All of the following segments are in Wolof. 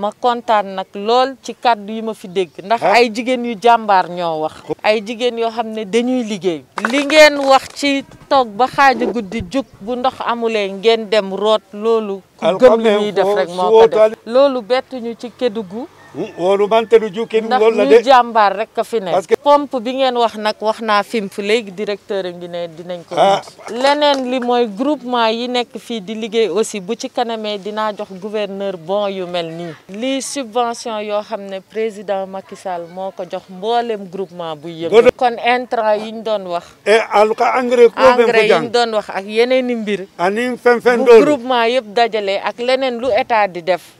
ma kontaan nag lool ci kàddu yi ma fi dégg ndax ah. ay jigéen yu jàmbaar ñoo wax ay jigéen yoo xam ne dañuy liggéey li ngeen wax ci toog ba xaaja guddi jug bu ndox amulee ngeen dem root loolu ku gëm li ñuy def rek moo ko def loolu bettuñu ci Kédougou wóolu mante du jukkin loolu la de ndax ñu jàmbaar rek ka fi ne. parce que pompe bi ngeen wax nag wax naa fi mu fi léegi directeur ngi ne dinañ ko. Ah. leneen li mooy groupement yi nekk fii di liggéey aussi bu ci kanamee dinaa jox gouverneur bon yu mel ni li subvention yoo xam ne président Macky moo ko jox mboolem groupement bu yëngu. kon intrant yi ñu doon wax. et en tout cas engrais. engrais yi ñu doon wax ak yeneen i mbir. ani bu groupement yëpp dajale ak leneen lu état di def.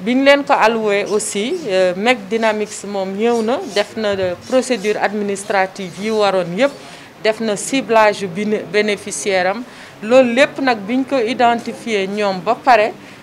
biñ leen ko alloué aussi euh, MEC Dynamics moom ñëw na def na procédure administrative yi waroon yëpp def na ciblage bénéficiaire am loolu lépp nag biñ ko identifié ñoom ba pare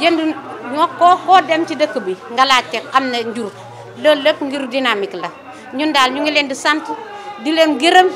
jënd ñoo koo koo dem ci dëkk bi nga laajte am na njur loolu lépp ngir dynamique la ñun daal ñu ngi leen di sant di leen gërëm